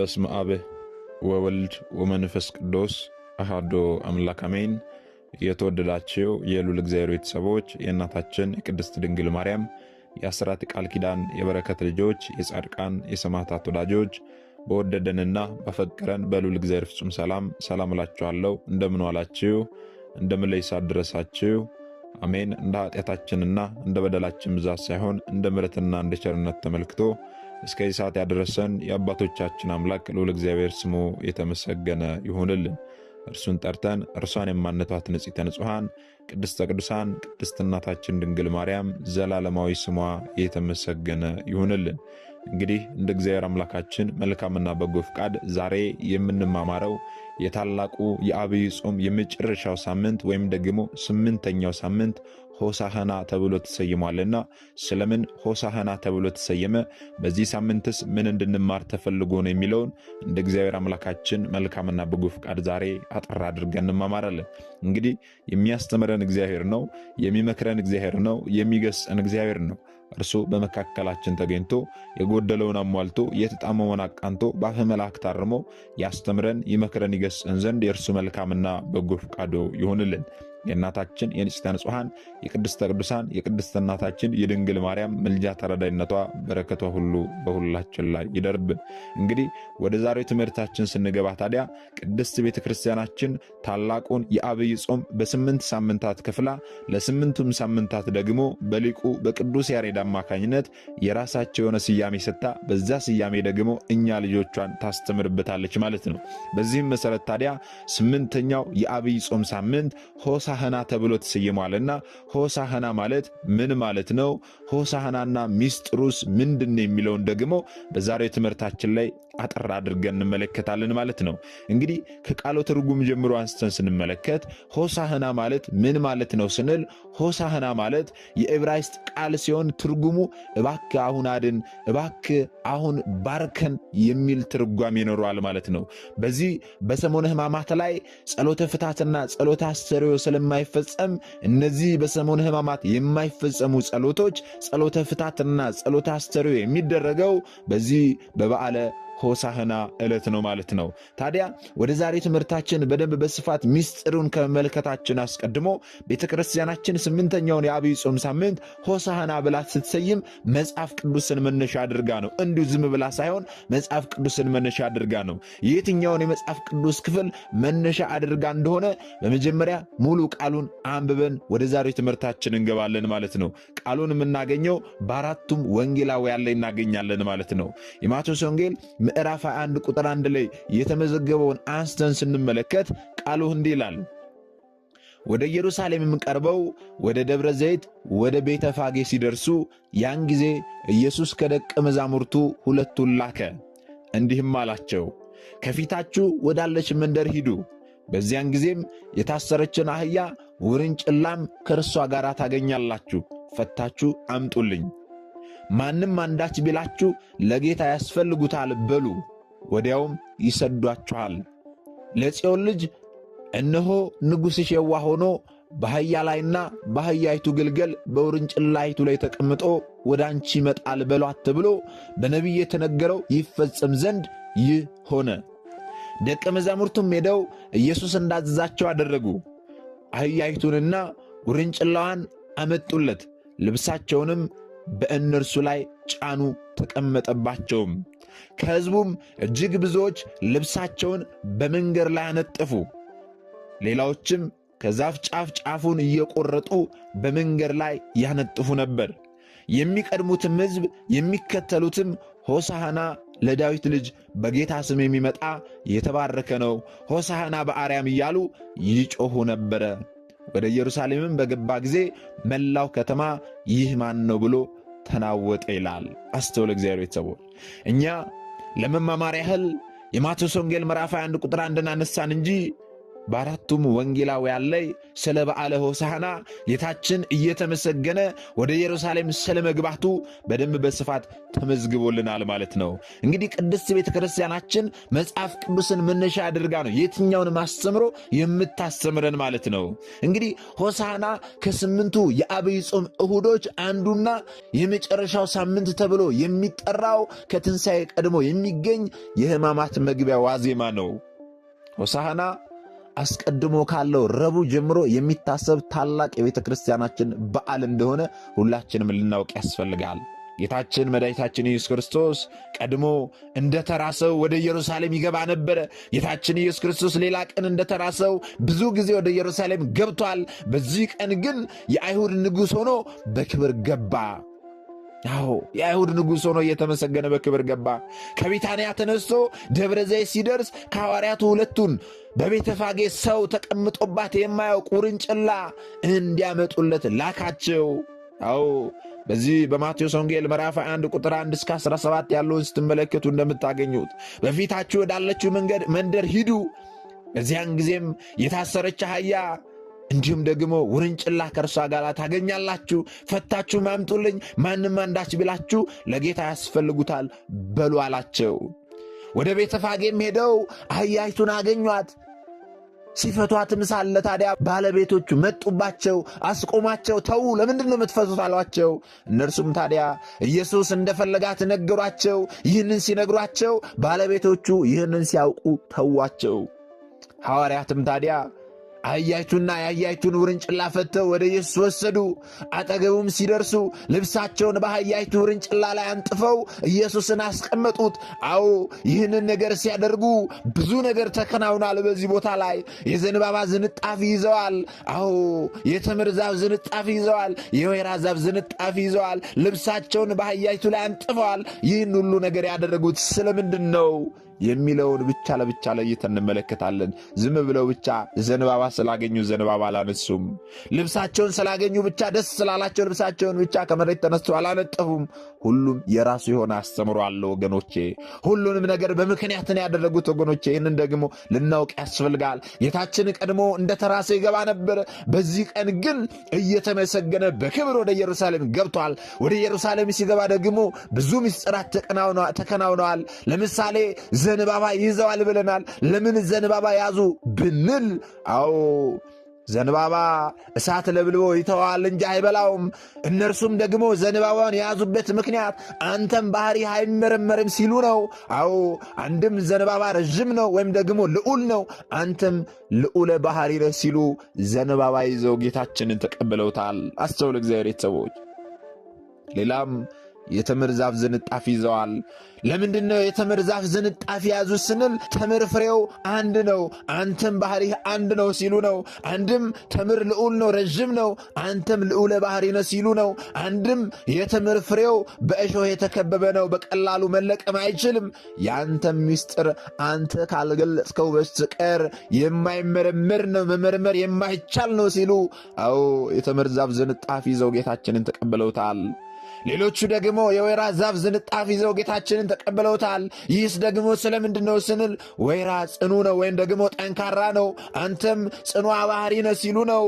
በስመ አብ ወወልድ ወመንፈስ ቅዱስ አሃዶ አምላክ አሜን። የተወደዳችሁ የሉል እግዚአብሔር ቤተሰቦች የእናታችን የቅድስት ድንግል ማርያም የአስራት ቃል ኪዳን የበረከት ልጆች የጻድቃን የሰማዕታት ወዳጆች በወደደንና በፈቀረን በሉል እግዚአብሔር ፍጹም ሰላም ሰላም እላችኋለሁ። እንደምን ዋላችሁ? እንደምን ለይሳ ድረሳችሁ? አሜን። እንደ ኃጢአታችንና እንደ በደላችን ብዛት ሳይሆን እንደ ምሕረትና እንደ ቸርነት ተመልክቶ እስከዚህ ሰዓት ያደረሰን የአባቶቻችን አምላክ ልዑል እግዚአብሔር ስሙ የተመሰገነ ይሁንልን። እርሱን ጠርተን እርሷን የማነቷት ንጽሕተ ንጹሐን ቅድስተ ቅዱሳን ቅድስት እናታችን ድንግል ማርያም ዘላለማዊ ስሟ የተመሰገነ ይሁንልን። እንግዲህ እንደ እግዚአብሔር አምላካችን መልካምና በጎ ፍቃድ ዛሬ የምንማማረው የታላቁ የአብይ ጾም የመጨረሻው ሳምንት ወይም ደግሞ ስምንተኛው ሳምንት ሆሳህና ተብሎ ተሰይሟልና ስለምን ሆሳህና ተብሎ ተሰየመ፣ በዚህ ሳምንትስ ምን እንድንማር ተፈልጎ ነው የሚለውን እንደ እግዚአብሔር አምላካችን መልካምና በጎ ፍቃድ ዛሬ አጠር አድርገን እንማማራለን። እንግዲህ የሚያስተምረን እግዚአብሔር ነው፣ የሚመክረን እግዚአብሔር ነው፣ የሚገስጸን እግዚአብሔር ነው። እርሱ በመካከላችን ተገኝቶ የጎደለውን አሟልቶ የተጣመመውን አቃንቶ በአፈ መልአክ ታርሞ ያስተምረን፣ ይመክረን፣ ይገስጸን ዘንድ የእርሱ መልካምና በጎ ፈቃዶ ይሆንልን። የእናታችን የንጽሕተ ንጹሐን የቅድስተ ቅዱሳን የቅድስተ እናታችን የድንግል ማርያም ምልጃ ተረዳይነቷ በረከቷ ሁሉ በሁላችን ላይ ይደርብን። እንግዲህ ወደ ዛሬው ትምህርታችን ስንገባ ታዲያ ቅድስት ቤተ ክርስቲያናችን ታላቁን የአብይ ጾም በስምንት ሳምንታት ክፍላ ለስምንቱም ሳምንታት ደግሞ በሊቁ በቅዱስ ያሬድ አማካኝነት የራሳቸው የሆነ ስያሜ ሰጥታ በዛ ስያሜ ደግሞ እኛ ልጆቿን ታስተምርበታለች ማለት ነው። በዚህም መሰረት ታዲያ ስምንተኛው የአብይ ጾም ሳምንት ሆሳ ሆሳህና ተብሎ ተሰይሟልና ሆሳህና ማለት ምን ማለት ነው? ሆሳህናና ሚስጥሩስ ምንድን የሚለውን ደግሞ በዛሬው ትምህርታችን ላይ አጠር አድርገን እንመለከታለን ማለት ነው። እንግዲህ ከቃሉ ትርጉም ጀምሮ አንስተን ስንመለከት ሆሳህና ማለት ምን ማለት ነው ስንል ሆሳህና ማለት የዕብራይስጥ ቃል ሲሆን ትርጉሙ እባክ አሁን አድን፣ እባክ አሁን ባርከን የሚል ትርጓም ይኖረዋል ማለት ነው። በዚህ በሰሞነ ሕማማት ላይ ጸሎተ ፍታትና ጸሎተ አስተርእዮ ስለማይፈጸም እነዚህ በሰሞነ ሕማማት የማይፈጸሙ ጸሎቶች ጸሎተ ፍታትና ጸሎተ አስተርእዮ የሚደረገው በዚህ በበዓለ ሆሳህና ዕለት ነው ማለት ነው። ታዲያ ወደ ዛሬ ትምህርታችን በደንብ በስፋት ሚስጥሩን ከመመልከታችን አስቀድሞ ቤተ ክርስቲያናችን ስምንተኛውን የአብይ ጾም ሳምንት ሆሳህና ብላ ስትሰይም መጽሐፍ ቅዱስን መነሻ አድርጋ ነው። እንዲሁ ዝም ብላ ሳይሆን መጽሐፍ ቅዱስን መነሻ አድርጋ ነው። የትኛውን የመጽሐፍ ቅዱስ ክፍል መነሻ አድርጋ እንደሆነ በመጀመሪያ ሙሉ ቃሉን አንብበን ወደ ዛሬ ትምህርታችን እንገባለን ማለት ነው። ቃሉን የምናገኘው በአራቱም ወንጌላውያን ላይ እናገኛለን ማለት ነው። የማቴዎስ ወንጌል ምዕራፍ 21 ቁጥር 1 ላይ የተመዘገበውን አንስተን ስንመለከት ቃሉ እንዲህ ይላል ወደ ኢየሩሳሌምም ቀርበው ወደ ደብረ ዘይት ወደ ቤተ ፋጌ ሲደርሱ ያን ጊዜ ኢየሱስ ከደቀ መዛሙርቱ ሁለቱን ላከ፣ እንዲህም አላቸው፣ ከፊታችሁ ወዳለች መንደር ሂዱ፣ በዚያን ጊዜም የታሰረችን አህያ ውርንጭላም ከእርሷ ጋር ታገኛላችሁ ፈታችሁ አምጡልኝ። ማንም አንዳች ቢላችሁ ለጌታ ያስፈልጉታል በሉ፣ ወዲያውም ይሰዷችኋል። ለጽዮን ልጅ እነሆ ንጉሥሽ የዋህ ሆኖ በአህያ ላይና በአህያይቱ ግልገል በውርንጭላይቱ ላይ ተቀምጦ ወደ አንቺ ይመጣል በሏት ተብሎ በነቢይ የተነገረው ይፈጸም ዘንድ ይህ ሆነ። ደቀ መዛሙርቱም ሄደው ኢየሱስ እንዳዘዛቸው አደረጉ። አህያይቱንና ውርንጭላዋን አመጡለት። ልብሳቸውንም በእነርሱ ላይ ጫኑ፣ ተቀመጠባቸውም። ከሕዝቡም እጅግ ብዙዎች ልብሳቸውን በመንገድ ላይ አነጠፉ። ሌላዎችም ከዛፍ ጫፍ ጫፉን እየቆረጡ በመንገድ ላይ ያነጥፉ ነበር። የሚቀድሙትም ሕዝብ የሚከተሉትም ሆሳህና ለዳዊት ልጅ በጌታ ስም የሚመጣ የተባረከ ነው፣ ሆሳህና በአርያም እያሉ ይጮኹ ነበረ። ወደ ኢየሩሳሌምም በገባ ጊዜ መላው ከተማ ይህ ማን ነው ብሎ ተናወጠ ይላል። አስተውል እግዚአብሔር ቤተሰቦች፣ እኛ ለመማማር ያህል የማቴዎስ ወንጌል ምዕራፍ 21 ቁጥር አንድን አነሳን እንጂ በአራቱም ወንጌላውያን ላይ ስለ በዓለ ሆሳዕና ጌታችን እየተመሰገነ ወደ ኢየሩሳሌም ስለ መግባቱ በደንብ በስፋት ተመዝግቦልናል ማለት ነው። እንግዲህ ቅድስት ቤተ ክርስቲያናችን መጽሐፍ ቅዱስን መነሻ አድርጋ ነው የትኛውን አስተምሮ የምታስተምረን ማለት ነው። እንግዲህ ሆሳዕና ከስምንቱ የአብይ ጾም እሁዶች አንዱና የመጨረሻው ሳምንት ተብሎ የሚጠራው ከትንሣኤ ቀድሞ የሚገኝ የሕማማት መግቢያ ዋዜማ ነው ሆሳዕና አስቀድሞ ካለው ረቡዕ ጀምሮ የሚታሰብ ታላቅ የቤተ ክርስቲያናችን በዓል እንደሆነ ሁላችንም ልናውቅ ያስፈልጋል። ጌታችን መድኃኒታችን ኢየሱስ ክርስቶስ ቀድሞ እንደ ተራ ሰው ወደ ኢየሩሳሌም ይገባ ነበረ። ጌታችን ኢየሱስ ክርስቶስ ሌላ ቀን እንደ ተራ ሰው ብዙ ጊዜ ወደ ኢየሩሳሌም ገብቷል። በዚህ ቀን ግን የአይሁድ ንጉሥ ሆኖ በክብር ገባ። አዎ የአይሁድ ንጉሥ ሆኖ እየተመሰገነ በክብር ገባ። ከቢታንያ ተነስቶ ደብረ ዘይት ሲደርስ ከሐዋርያቱ ሁለቱን በቤተፋጌ ሰው ተቀምጦባት የማያውቅ ውርንጭላ እንዲያመጡለት ላካቸው። አዎ በዚህ በማቴዎስ ወንጌል ምዕራፍ 1 ቁጥር 1 እስከ 17 ያለውን ስትመለከቱ እንደምታገኙት በፊታችሁ ወዳለችው መንገድ መንደር ሂዱ። በዚያን ጊዜም የታሰረች አህያ እንዲሁም ደግሞ ውርንጭላ ከእርሷ ጋር ታገኛላችሁ፣ ፈታችሁ ማምጡልኝ፣ ማንም አንዳች ብላችሁ ለጌታ ያስፈልጉታል በሉ አላቸው። ወደ ፋጌም ሄደው አህያይቱን አገኟት። ሲፈቷትም ሳለ ታዲያ ባለቤቶቹ መጡባቸው፣ አስቆማቸው። ተዉ፣ ለምንድን ነው የምትፈቱት አሏቸው። እነርሱም ታዲያ ኢየሱስ እንደፈለጋት ነገሯቸው። ይህንን ሲነግሯቸው ባለቤቶቹ ይህንን ሲያውቁ ተዋቸው። ሐዋርያትም ታዲያ አህያይቱና የአህያይቱን ውርንጭላ ፈተው ወደ ኢየሱስ ወሰዱ። አጠገቡም ሲደርሱ ልብሳቸውን በአህያይቱ ውርንጭላ ላይ አንጥፈው ኢየሱስን አስቀመጡት። አዎ ይህንን ነገር ሲያደርጉ ብዙ ነገር ተከናውኗል። በዚህ ቦታ ላይ የዘንባባ ዝንጣፊ ይዘዋል። አዎ የተምር ዛፍ ዝንጣፊ ይዘዋል። የወይራ ዛፍ ዝንጣፊ ይዘዋል። ልብሳቸውን በአህያይቱ ላይ አንጥፈዋል። ይህን ሁሉ ነገር ያደረጉት ስለምንድን ነው? የሚለውን ብቻ ለብቻ ለይተን እንመለከታለን። ዝም ብለው ብቻ ዘንባባ ስላገኙ ዘንባባ አላነሱም። ልብሳቸውን ስላገኙ ብቻ ደስ ስላላቸው ልብሳቸውን ብቻ ከመሬት ተነስተው አላነጠፉም። ሁሉም የራሱ የሆነ አስተምሮ አለ ወገኖቼ። ሁሉንም ነገር በምክንያት ነው ያደረጉት ወገኖቼ። ይህንን ደግሞ ልናውቅ ያስፈልጋል። ጌታችን ቀድሞ እንደ ተራሰ ይገባ ነበር በዚህ ቀን ግን እየተመሰገነ በክብር ወደ ኢየሩሳሌም ገብቷል። ወደ ኢየሩሳሌም ሲገባ ደግሞ ብዙ ምስጢራት ተከናውነዋል። ለምሳሌ ዘንባባ ይዘዋል ብለናል። ለምን ዘንባባ ያዙ ብንል፣ አዎ ዘንባባ እሳት ለብልቦ ይተዋል እንጂ አይበላውም። እነርሱም ደግሞ ዘንባባን የያዙበት ምክንያት አንተም ባህሪ አይመረመርም ሲሉ ነው። አዎ አንድም ዘንባባ ረዥም ነው ወይም ደግሞ ልዑል ነው፣ አንተም ልዑለ ባህሪ ነህ ሲሉ ዘንባባ ይዘው ጌታችንን ተቀብለውታል። አስተውል እግዚአብሔር ቤተሰቦች ሌላም የተምር ዛፍ ዝንጣፊ ይዘዋል። ለምንድን ነው የተምር ዛፍ ዝንጣፊ ያዙ ስንል ተምር ፍሬው አንድ ነው፣ አንተም ባህሪህ አንድ ነው ሲሉ ነው። አንድም ተምር ልዑል ነው ረዥም ነው፣ አንተም ልዑለ ባህሪ ነው ሲሉ ነው። አንድም የተምር ፍሬው በእሾህ የተከበበ ነው፣ በቀላሉ መለቀም አይችልም። የአንተም ምስጢር አንተ ካልገለጽከው በስተቀር የማይመረመር ነው፣ መመርመር የማይቻል ነው ሲሉ አዎ የተምር ዛፍ ዝንጣፊ ይዘው ጌታችንን ተቀብለውታል። ሌሎቹ ደግሞ የወይራ ዛፍ ዝንጣፍ ይዘው ጌታችንን ተቀብለውታል። ይህስ ደግሞ ስለምንድን ነው ስንል ወይራ ጽኑ ነው ወይም ደግሞ ጠንካራ ነው፣ አንተም ጽኑ ባህሪ ነ ሲሉ ነው።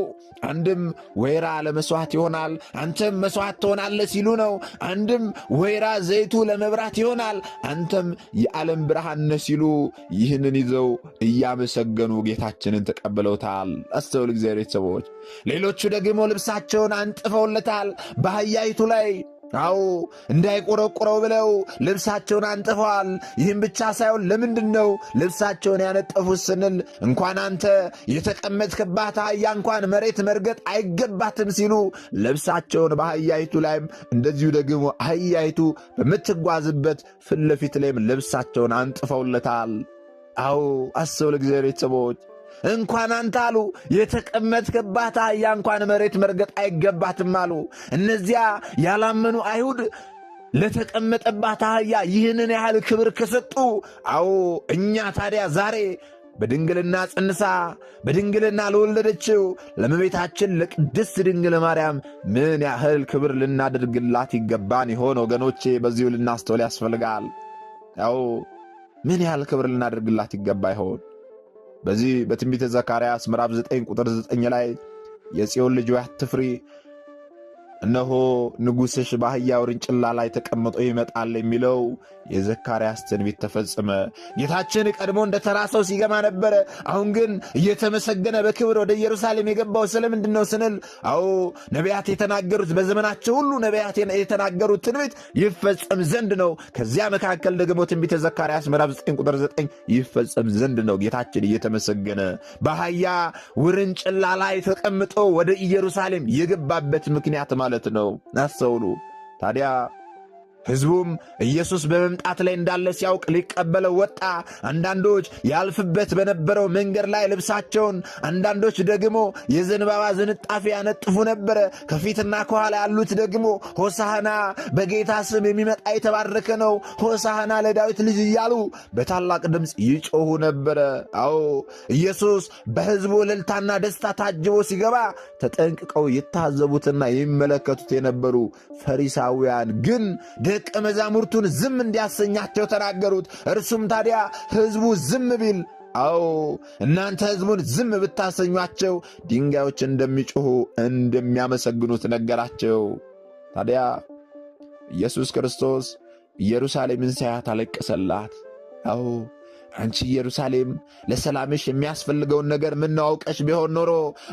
አንድም ወይራ ለመስዋት ይሆናል፣ አንተም መስዋዕት ትሆናለ ሲሉ ነው። አንድም ወይራ ዘይቱ ለመብራት ይሆናል፣ አንተም የዓለም ብርሃን ነ ሲሉ ይህንን ይዘው እያመሰገኑ ጌታችንን ተቀብለውታል። አስተውል እግዚአብሔር ቤተሰቦች። ሌሎቹ ደግሞ ልብሳቸውን አንጥፈውለታል በአህያይቱ ላይ አዎ እንዳይቆረቆረው ብለው ልብሳቸውን አንጥፈዋል። ይህም ብቻ ሳይሆን ለምንድን ነው ልብሳቸውን ያነጠፉት ስንል እንኳን አንተ የተቀመጥክባት አህያ እንኳን መሬት መርገጥ አይገባትም ሲሉ ልብሳቸውን በአህያይቱ ላይም እንደዚሁ ደግሞ አህያይቱ በምትጓዝበት ፊት ለፊት ላይም ልብሳቸውን አንጥፈውለታል። አዎ አስበው ለእግዚአብሔር ቤተሰቦች እንኳን አንተ አሉ የተቀመጥክባት አህያ እንኳን መሬት መርገጥ አይገባትም አሉ። እነዚያ ያላመኑ አይሁድ ለተቀመጠባት አህያ ይህንን ያህል ክብር ከሰጡ፣ አዎ እኛ ታዲያ ዛሬ በድንግልና ጽንሳ በድንግልና ለወለደችው ለመቤታችን ለቅድስት ድንግል ማርያም ምን ያህል ክብር ልናደርግላት ይገባን ይሆን? ወገኖቼ በዚሁ ልናስተውል ያስፈልጋል። ያው ምን ያህል ክብር ልናደርግላት ይገባ ይሆን? በዚህ በትንቢተ ዘካርያስ ምዕራፍ 9 ቁጥር 9 ላይ የጽዮን ልጅ አትፍሪ እነሆ ንጉሥሽ በአህያ ውርንጭላ ላይ ተቀምጦ ይመጣል የሚለው የዘካርያስ ትንቢት ተፈጸመ። ጌታችን ቀድሞ እንደ ተራ ሰው ሲገማ ነበረ። አሁን ግን እየተመሰገነ በክብር ወደ ኢየሩሳሌም የገባው ስለምንድን ነው ስንል፣ አዎ ነቢያት የተናገሩት በዘመናቸው ሁሉ ነቢያት የተናገሩት ትንቢት ይፈጸም ዘንድ ነው። ከዚያ መካከል ደግሞ ትንቢተ ዘካርያስ ምዕራፍ 9 ቁጥር 9 ይፈጸም ዘንድ ነው። ጌታችን እየተመሰገነ በአህያ ውርንጭላ ላይ ተቀምጦ ወደ ኢየሩሳሌም የገባበት ምክንያት ማለት ማለት ነው። አስተውሉ ታዲያ ሕዝቡም ኢየሱስ በመምጣት ላይ እንዳለ ሲያውቅ ሊቀበለው ወጣ። አንዳንዶች ያልፍበት በነበረው መንገድ ላይ ልብሳቸውን፣ አንዳንዶች ደግሞ የዘንባባ ዝንጣፊ ያነጥፉ ነበረ። ከፊትና ከኋላ ያሉት ደግሞ ሆሳህና በጌታ ስም የሚመጣ የተባረከ ነው፣ ሆሳህና ለዳዊት ልጅ እያሉ በታላቅ ድምፅ ይጮሁ ነበረ። አዎ ኢየሱስ በሕዝቡ እልልታና ደስታ ታጅቦ ሲገባ ተጠንቅቀው ይታዘቡትና ይመለከቱት የነበሩ ፈሪሳውያን ግን ደቀ መዛሙርቱን ዝም እንዲያሰኛቸው ተናገሩት። እርሱም ታዲያ ሕዝቡ ዝም ቢል አዎ እናንተ ሕዝቡን ዝም ብታሰኟቸው ድንጋዮች እንደሚጮኹ እንደሚያመሰግኑት ነገራቸው። ታዲያ ኢየሱስ ክርስቶስ ኢየሩሳሌምን ሳያት አለቀሰላት። አዎ አንቺ ኢየሩሳሌም ለሰላምሽ የሚያስፈልገውን ነገር ምናውቀሽ ቢሆን ኖሮ፣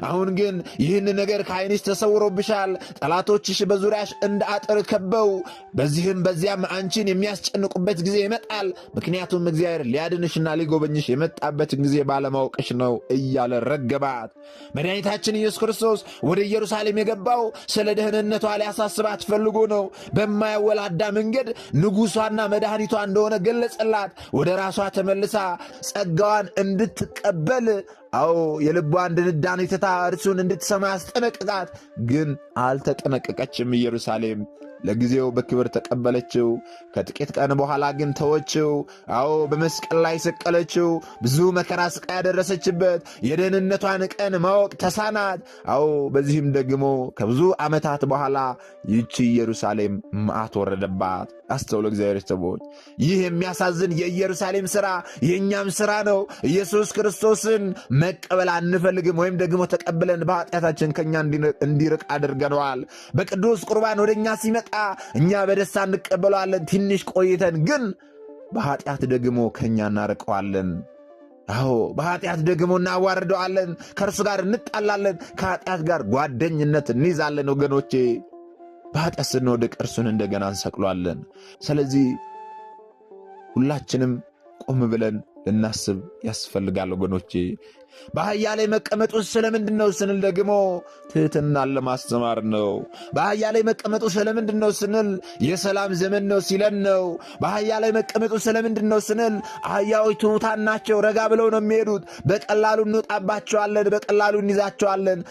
አሁን ግን ይህን ነገር ከዓይንሽ ተሰውሮብሻል። ጠላቶችሽ በዙሪያሽ እንደ አጥር ከበው በዚህም በዚያም አንቺን የሚያስጨንቁበት ጊዜ ይመጣል። ምክንያቱም እግዚአብሔር ሊያድንሽና ሊጎበኝሽ የመጣበትን ጊዜ ባለማወቅሽ ነው እያለ ረገባት። መድኃኒታችን ኢየሱስ ክርስቶስ ወደ ኢየሩሳሌም የገባው ስለ ደህንነቷ ሊያሳስባት ፈልጎ ነው። በማያወላዳ መንገድ ንጉሷና መድኃኒቷ እንደሆነ ገለጸላት። ወደ ራሷ ተመለ መልሳ ጸጋዋን እንድትቀበል አዎ የልቧን ድንዳኔ ትታ እርሱን እንድትሰማ ያስጠነቅቃት፣ ግን አልተጠነቀቀችም ኢየሩሳሌም ለጊዜው በክብር ተቀበለችው። ከጥቂት ቀን በኋላ ግን ተወችው። አዎ በመስቀል ላይ ሰቀለችው። ብዙ መከራ ስቃ ያደረሰችበት የደህንነቷን ቀን ማወቅ ተሳናት። አዎ በዚህም ደግሞ ከብዙ ዓመታት በኋላ ይቺ ኢየሩሳሌም መዓት ወረደባት። አስተውሎ እግዚአብሔር ቤተሰቦች፣ ይህ የሚያሳዝን የኢየሩሳሌም ሥራ የእኛም ሥራ ነው። ኢየሱስ ክርስቶስን መቀበል አንፈልግም፣ ወይም ደግሞ ተቀብለን በኃጢአታችን ከእኛ እንዲርቅ አድርገነዋል። በቅዱስ ቁርባን ወደ እኛ ሲመጣ ሲመጣ እኛ በደስታ እንቀበለዋለን። ትንሽ ቆይተን ግን በኃጢአት ደግሞ ከእኛ እናርቀዋለን። አዎ በኃጢአት ደግሞ እናዋርደዋለን። ከእርሱ ጋር እንጣላለን። ከኃጢአት ጋር ጓደኝነት እንይዛለን። ወገኖቼ በኃጢአት ስንወድቅ እርሱን እንደገና እንሰቅሏለን። ስለዚህ ሁላችንም ቆም ብለን ልናስብ ያስፈልጋል ወገኖቼ። በአህያ ላይ መቀመጡ ስለምንድን ነው ስንል ደግሞ ትህትናን ለማስተማር ነው። በአህያ ላይ መቀመጡ ስለምንድን ነው ስንል የሰላም ዘመን ነው ሲለን ነው። በአህያ ላይ መቀመጡ ስለምንድን ነው ስንል አህያዎች ትሑታን ናቸው። ረጋ ብለው ነው የሚሄዱት። በቀላሉ እንወጣባቸዋለን፣ በቀላሉ እንይዛቸዋለን።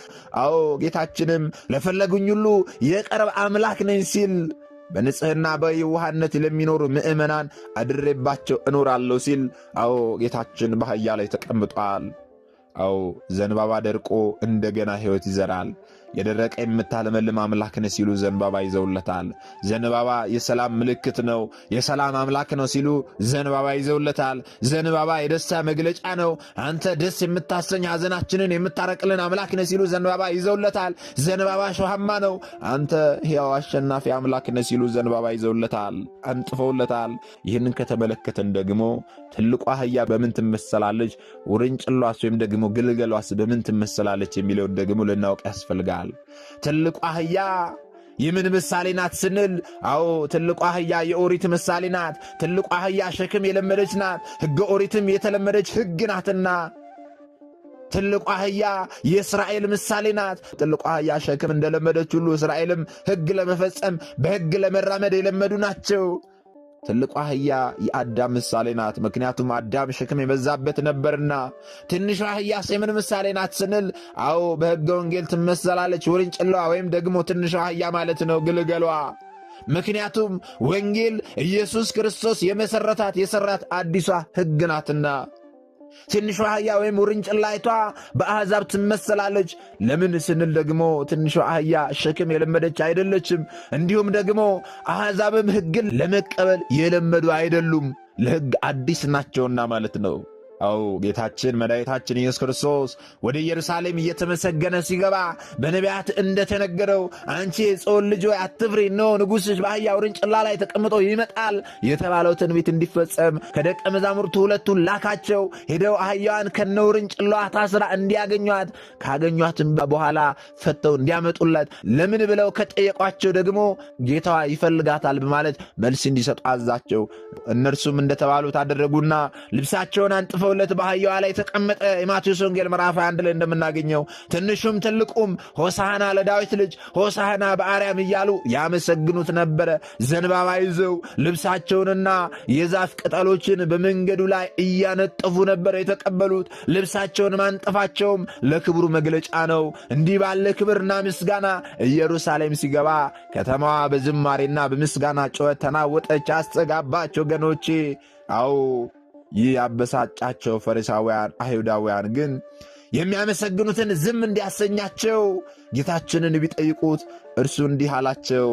አዎ ጌታችንም ለፈለጉኝ ሁሉ የቀረብ አምላክ ነኝ ሲል በንጽህና በየዋህነት ለሚኖሩ ምእመናን አድሬባቸው እኖራለሁ ሲል አዎ ጌታችን በአህያ ላይ ተቀምጧል። አዎ ዘንባባ ደርቆ እንደገና ሕይወት ይዘራል። የደረቀ የምታለመልም አምላክን ሲሉ ዘንባባ ይዘውለታል። ዘንባባ የሰላም ምልክት ነው፣ የሰላም አምላክ ነው ሲሉ ዘንባባ ይዘውለታል። ዘንባባ የደስታ መግለጫ ነው፣ አንተ ደስ የምታሰኝ ሐዘናችንን የምታረቅልን አምላክ ነው ሲሉ ዘንባባ ይዘውለታል። ዘንባባ ሸሃማ ነው፣ አንተ ሕያው አሸናፊ አምላክ ነው ሲሉ ዘንባባ ይዘውለታል፣ አንጥፈውለታል። ይህንን ከተመለከተን ደግሞ ትልቋ አህያ በምን ትመሰላለች? ውርንጭሏስ ወይም ደግሞ ግልገሏስ በምን ትመሰላለች? የሚለውን ደግሞ ልናውቅ ያስፈልጋል። ትልቋ አህያ የምን ምሳሌ ናት ስንል፣ አዎ ትልቋ አህያ የኦሪት ምሳሌ ናት። ትልቋ አህያ ሸክም የለመደች ናት፣ ሕገ ኦሪትም የተለመደች ሕግ ናትና ትልቋ አህያ የእስራኤል ምሳሌ ናት። ትልቋ አህያ ሸክም እንደለመደች ሁሉ እስራኤልም ሕግ ለመፈጸም በሕግ ለመራመድ የለመዱ ናቸው። ትልቋ አህያ የአዳም ምሳሌ ናት። ምክንያቱም አዳም ሸክም የበዛበት ነበርና። ትንሿ አህያ የምን ምሳሌ ናት ስንል፣ አዎ በሕገ ወንጌል ትመሰላለች። ውርንጭላዋ ወይም ደግሞ ትንሿ አህያ ማለት ነው፣ ግልገሏ። ምክንያቱም ወንጌል ኢየሱስ ክርስቶስ የመሠረታት የሠራት አዲሷ ሕግ ናትና። ትንሿ አህያ ወይም ውርንጭላይቷ በአሕዛብ ትመሰላለች። ለምን ስንል ደግሞ ትንሿ አህያ ሸክም የለመደች አይደለችም። እንዲሁም ደግሞ አሕዛብም ሕግን ለመቀበል የለመዱ አይደሉም፣ ለሕግ አዲስ ናቸውና ማለት ነው። አው ጌታችን መድኃኒታችን ኢየሱስ ክርስቶስ ወደ ኢየሩሳሌም እየተመሰገነ ሲገባ በነቢያት እንደተነገረው አንቺ የጽዮን ልጅ ሆይ አትፍሪ፣ እነሆ ንጉሥሽ በአህያ ውርንጭላ ላይ ተቀምጦ ይመጣል የተባለው ትንቢት እንዲፈጸም ከደቀ መዛሙርቱ ሁለቱን ላካቸው። ሄደው አህያዋን ከነ ውርንጭላዋ ታስራ እንዲያገኟት ካገኟትም በኋላ ፈተው እንዲያመጡለት ለምን ብለው ከጠየቋቸው ደግሞ ጌታዋ ይፈልጋታል በማለት መልስ እንዲሰጡ አዛቸው። እነርሱም እንደተባሉት አደረጉና ልብሳቸውን አንጥፈው ተገኝተውለት በአህያዋ ላይ ተቀመጠ። የማቴዎስ ወንጌል ምዕራፍ አንድ ላይ እንደምናገኘው ትንሹም ትልቁም ሆሳህና ለዳዊት ልጅ ሆሳህና በአርያም እያሉ ያመሰግኑት ነበረ። ዘንባባ ይዘው ልብሳቸውንና የዛፍ ቅጠሎችን በመንገዱ ላይ እያነጠፉ ነበር የተቀበሉት። ልብሳቸውን ማንጠፋቸውም ለክብሩ መግለጫ ነው። እንዲህ ባለ ክብርና ምስጋና ኢየሩሳሌም ሲገባ ከተማዋ በዝማሬና በምስጋና ጩኸት ተናወጠች፣ አስተጋባች። ወገኖቼ አዎ ይህ ያበሳጫቸው ፈሪሳውያን አይሁዳውያን ግን የሚያመሰግኑትን ዝም እንዲያሰኛቸው ጌታችንን ቢጠይቁት እርሱ እንዲህ አላቸው፣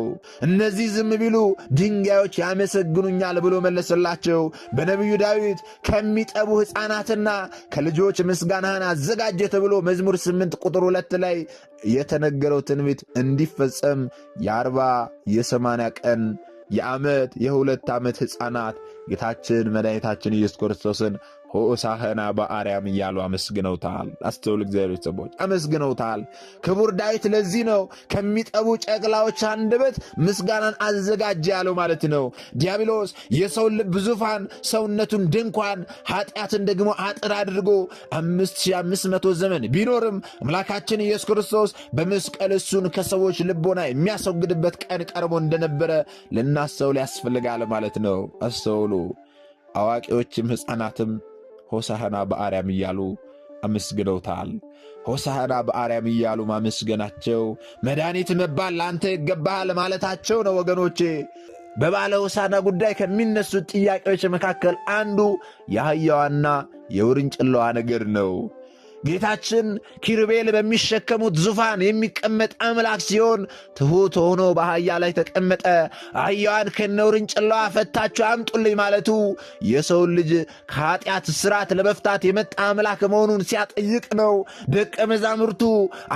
እነዚህ ዝም ቢሉ ድንጋዮች ያመሰግኑኛል ብሎ መለሰላቸው። በነቢዩ ዳዊት ከሚጠቡ ሕፃናትና ከልጆች ምስጋናህን አዘጋጀ ተብሎ መዝሙር ስምንት ቁጥር ሁለት ላይ የተነገረው ትንቢት እንዲፈጸም የአርባ የሰማንያ ቀን የዓመት የሁለት ዓመት ሕፃናት ጌታችን መድኃኒታችን ኢየሱስ ክርስቶስን ሆሳህና በአርያም እያሉ አመስግነውታል። አስተውል፣ እግዚአብሔር ቤተሰቦች አመስግነውታል። ክቡር ዳዊት ለዚህ ነው ከሚጠቡ ጨቅላዎች አንደበት ምስጋናን አዘጋጀ ያለው ማለት ነው። ዲያብሎስ የሰውን ልብ ዙፋን፣ ሰውነቱን ድንኳን፣ ኃጢአትን ደግሞ አጥር አድርጎ አምስት ሺህ አምስት መቶ ዘመን ቢኖርም አምላካችን ኢየሱስ ክርስቶስ በመስቀል እሱን ከሰዎች ልቦና የሚያስወግድበት ቀን ቀርቦ እንደነበረ ልናስተውል ያስፈልጋል ማለት ነው። አስተውሉ አዋቂዎችም ሕፃናትም ሆሳህና በአርያም እያሉ አመስግነውታል። ሆሳህና በአርያም እያሉ ማመስገናቸው መድኃኒት መባል ለአንተ ይገባሃል ማለታቸው ነው። ወገኖቼ በባለ ሆሳዕና ጉዳይ ከሚነሱት ጥያቄዎች መካከል አንዱ የአህያዋና የውርንጭላዋ ነገር ነው። ጌታችን ኪሩቤል በሚሸከሙት ዙፋን የሚቀመጥ አምላክ ሲሆን ትሑት ሆኖ በአህያ ላይ ተቀመጠ። አህያዋን ከነውርንጭላዋ ፈታችሁ አምጡልኝ ማለቱ የሰውን ልጅ ከኃጢአት ስርዓት ለመፍታት የመጣ አምላክ መሆኑን ሲያጠይቅ ነው። ደቀ መዛሙርቱ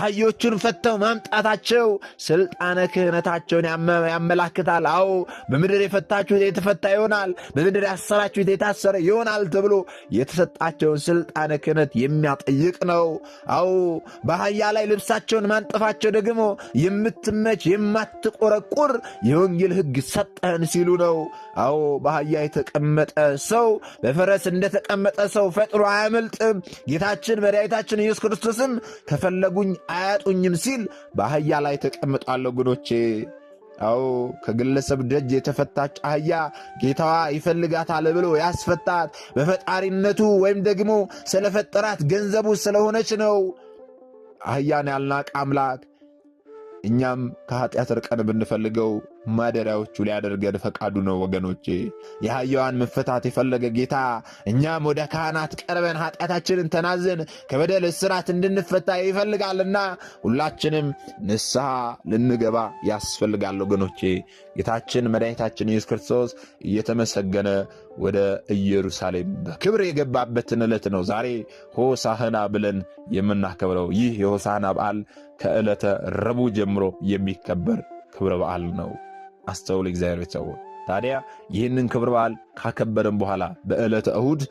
አህዮቹን ፈተው ማምጣታቸው ስልጣነ ክህነታቸውን ያመላክታል። አዎ በምድር የፈታችሁት የተፈታ ይሆናል፣ በምድር ያሰራችሁት የታሰረ ይሆናል ተብሎ የተሰጣቸውን ስልጣነ ክህነት የሚያጠይቅ ነው። አዎ በአህያ ላይ ልብሳቸውን ማንጠፋቸው ደግሞ የምትመች የማትቆረቁር የወንጌል ሕግ ሰጠህን ሲሉ ነው። አዎ በአህያ የተቀመጠ ሰው በፈረስ እንደተቀመጠ ሰው ፈጥኖ አያመልጥም። ጌታችን መድኃኒታችን ኢየሱስ ክርስቶስም ከፈለጉኝ አያጡኝም ሲል በአህያ ላይ ተቀምጧል። ወገኖቼ ያው ከግለሰብ ደጅ የተፈታች አህያ ጌታዋ ይፈልጋታል ብሎ ያስፈታት በፈጣሪነቱ ወይም ደግሞ ስለፈጠራት ገንዘቡ ስለሆነች ነው። አህያን ያልናቅ አምላክ እኛም ከኃጢአት ርቀን ብንፈልገው ማደሪያዎቹ ሊያደርገን ፈቃዱ ነው። ወገኖቼ የአህያዋን መፈታት የፈለገ ጌታ እኛም ወደ ካህናት ቀርበን ኃጢአታችንን ተናዘን ከበደል እስራት እንድንፈታ ይፈልጋልና ሁላችንም ንስሐ ልንገባ ያስፈልጋል። ወገኖቼ ጌታችን መድኃኒታችን ኢየሱስ ክርስቶስ እየተመሰገነ ወደ ኢየሩሳሌም በክብር የገባበትን ዕለት ነው ዛሬ ሆሳህና ብለን የምናከብረው። ይህ የሆሳህና በዓል ከዕለተ ረቡዕ ጀምሮ የሚከበር ክብረ በዓል ነው። አስተውል፣ እግዚአብሔር ቤተሰቦች። ታዲያ ይህንን ክብረ በዓል ካከበርን በኋላ በዕለተ እሁድ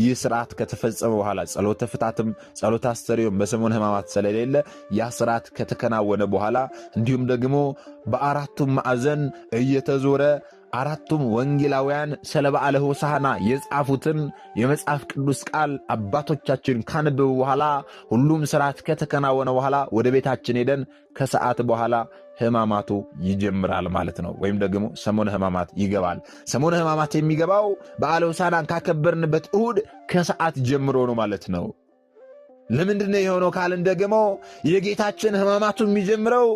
ይህ ስርዓት ከተፈጸመ በኋላ ጸሎተ ፍታትም ጸሎተ አስተሪዮም በሰሙነ ሕማማት ስለሌለ ያ ስርዓት ከተከናወነ በኋላ እንዲሁም ደግሞ በአራቱም ማዕዘን እየተዞረ አራቱም ወንጌላውያን ስለ በዓለ ሆሳዕና የጻፉትን የመጽሐፍ ቅዱስ ቃል አባቶቻችን ካነበቡ በኋላ ሁሉም ስርዓት ከተከናወነ በኋላ ወደ ቤታችን ሄደን ከሰዓት በኋላ ህማማቱ ይጀምራል ማለት ነው። ወይም ደግሞ ሰሞነ ህማማት ይገባል። ሰሞነ ህማማት የሚገባው በዓለ ሆሳዕናን ካከበርንበት እሁድ ከሰዓት ጀምሮ ነው ማለት ነው። ለምንድን የሆነው ካልን ደግሞ የጌታችን ህማማቱ የሚጀምረው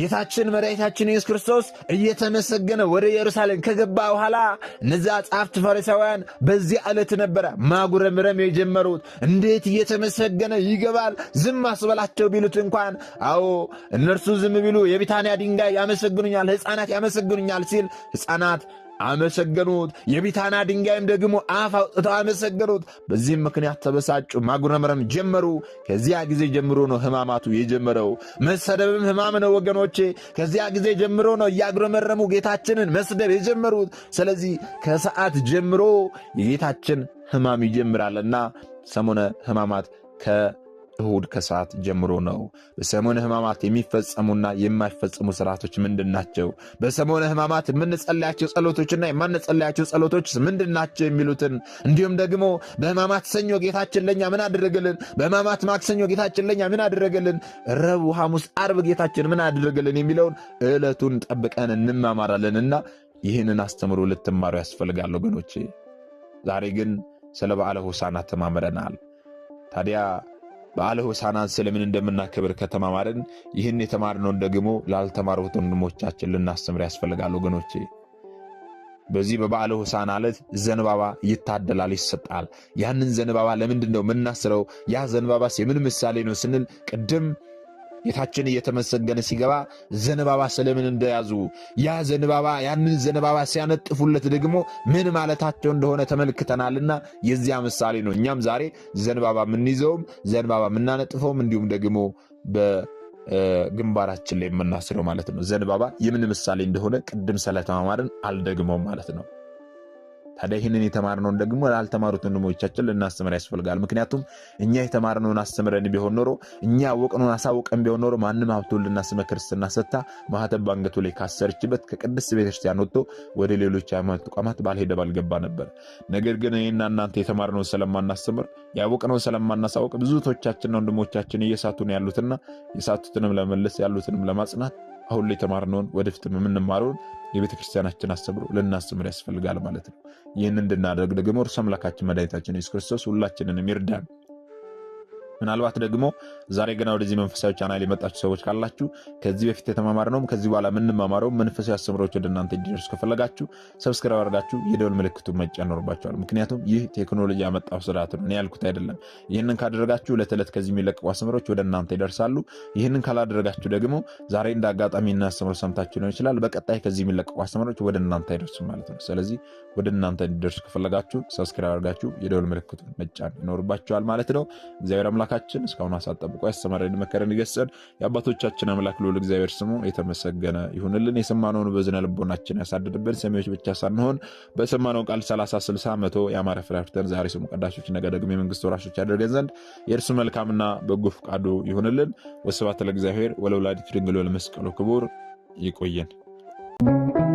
ጌታችን መድኃኒታችን ኢየሱስ ክርስቶስ እየተመሰገነ ወደ ኢየሩሳሌም ከገባ በኋላ እነዚያ ጻፍት ፈሪሳውያን በዚህ ዕለት ነበረ ማጉረምረም የጀመሩት። እንዴት እየተመሰገነ ይገባል? ዝም አስበላቸው ቢሉት እንኳን አዎ እነርሱ ዝም ቢሉ የቢታንያ ድንጋይ ያመሰግኑኛል፣ ሕፃናት ያመሰግኑኛል ሲል ሕፃናት አመሰገኑት። የቢታና ድንጋይም ደግሞ አፍ አውጥተው አመሰገኑት። በዚህም ምክንያት ተበሳጩ፣ ማጉረምረም ጀመሩ። ከዚያ ጊዜ ጀምሮ ነው ሕማማቱ የጀመረው። መሰደብም ሕማም ነው ወገኖቼ። ከዚያ ጊዜ ጀምሮ ነው እያጉረመረሙ ጌታችንን መስደብ የጀመሩት። ስለዚህ ከሰዓት ጀምሮ የጌታችን ሕማም ይጀምራልና ሰሙነ ሕማማት ከ እሁድ ከሰዓት ጀምሮ ነው። በሰሞነ ሕማማት የሚፈጸሙና የማይፈጸሙ ስርዓቶች ምንድን ናቸው? በሰሞነ ሕማማት የምንጸለያቸው ጸሎቶችና የማንጸለያቸው ጸሎቶች ምንድን ናቸው? የሚሉትን እንዲሁም ደግሞ በሕማማት ሰኞ ጌታችን ለእኛ ምን አደረገልን? በሕማማት ማክሰኞ ጌታችን ለእኛ ምን አደረገልን? ረቡዕ፣ ሐሙስ፣ አርብ ጌታችን ምን አደረገልን? የሚለውን ዕለቱን ጠብቀን እና ይህንን አስተምሮ ልትማሩ ያስፈልጋል ወገኖቼ። ዛሬ ግን ስለ በዓለ ሆሳዕና ተማምረናል። ታዲያ በዓለ ሆሳናን ስለምን እንደምናከብር ከተማማርን ይህን የተማርነውን ደግሞ ላልተማሩት ወንድሞቻችን ልናስተምር ያስፈልጋል ወገኖቼ። በዚህ በበዓለ ሆሳዕና ዕለት ዘንባባ ይታደላል፣ ይሰጣል። ያንን ዘንባባ ለምንድን ነው የምናስረው? ያ ዘንባባስ የምን ምሳሌ ነው ስንል ቅድም ጌታችን እየተመሰገነ ሲገባ ዘንባባ ስለምን እንደያዙ ያ ዘንባባ ያንን ዘንባባ ሲያነጥፉለት ደግሞ ምን ማለታቸው እንደሆነ ተመልክተናልና የዚያ ምሳሌ ነው። እኛም ዛሬ ዘንባባ የምንይዘውም ዘንባባ የምናነጥፈውም እንዲሁም ደግሞ በግንባራችን ላይ የምናስረው ማለት ነው። ዘንባባ የምን ምሳሌ እንደሆነ ቅድም ስለተማማርን አልደግመውም ማለት ነው። ታዲያ ይህንን የተማርነውን ደግሞ ላልተማሩት ወንድሞቻችን ልናስተምር ያስፈልጋል። ምክንያቱም እኛ የተማርነውን አስተምረን ቢሆን ኖሮ እኛ ያወቅነውን አሳውቀን ቢሆን ኖሮ ማንም ሀብቱን ልናስመ ክርስትና ሰታ ማህተብ በአንገቱ ላይ ካሰርችበት ከቅድስት ቤተክርስቲያን ወጥቶ ወደ ሌሎች ሃይማኖት ተቋማት ባልሄደ ባልገባ ነበር። ነገር ግን እኔና እናንተ የተማርነውን ስለማናስተምር ያወቅነውን ስለማናሳውቅ ብዙቶቻችንና ወንድሞቻችን እየሳቱን ያሉትና የሳቱትንም ለመመለስ ያሉትንም ለማጽናት አሁን ላይ የተማርነውን ወደፊት የምንማረውን የቤተ ክርስቲያናችን አስተምሮ ልናስተምር ያስፈልጋል ማለት ነው። ይህን እንድናደርግ ደግሞ እርሱ አምላካችን መድኃኒታችን ኢየሱስ ክርስቶስ ሁላችንንም ይርዳን። ምናልባት ደግሞ ዛሬ ገና ወደዚህ መንፈሳዊ ቻናል የመጣችሁ ሰዎች ካላችሁ ከዚህ በፊት የተማማርነውም ከዚህ በኋላ የምንማማረው መንፈሳዊ አስተምሮች ወደ እናንተ እንዲደርሱ ከፈለጋችሁ ሰብስክራይብ አድርጋችሁ የደወል ምልክቱ መጫ ይኖርባችኋል። ምክንያቱም ይህ ቴክኖሎጂ ያመጣው ስርዓት ነው፣ እኔ ያልኩት አይደለም። ይህንን ካደረጋችሁ ዕለት ዕለት ከዚህ የሚለቀቁ አስተምሮች ወደ እናንተ ይደርሳሉ። ይህንን ካላደረጋችሁ ደግሞ ዛሬ እንደ አጋጣሚ እና አስተምሮ ሰምታችሁ ሊሆን ይችላል። በቀጣይ ከዚህ የሚለቀቁ አስተምሮች ወደ እናንተ አይደርሱም ማለት ነው። ስለዚህ ወደ እናንተ እንዲደርሱ ከፈለጋችሁ ሰብስክራይብ አድርጋችሁ የደወል ምልክቱ መጫ ይኖርባቸዋል ማለት ነው። እግዚአብሔር አምላክ አምላካችን እስካሁን አሳት ጠብቆ ያስተማረን መከረን ይገሰን የአባቶቻችን አምላክ ልዑል እግዚአብሔር ስሙ የተመሰገነ ይሁንልን። የሰማነውን በዝነ ልቦናችን ያሳድርብን። ሰሚዎች ብቻ ሳንሆን በሰማነው ቃል ሰላሳ ስልሳ መቶ የአማረ ፍሬ አፍርተን ዛሬ ስሙ ቀዳሾች ነገ ደግሞ የመንግስት ወራሾች ያደርገን ዘንድ የእርሱ መልካምና በጎ ፈቃዱ ይሁንልን። ወስብሐት ለእግዚአብሔር ወለወላዲቱ ድንግል ወለመስቀሉ ክቡር። ይቆየን።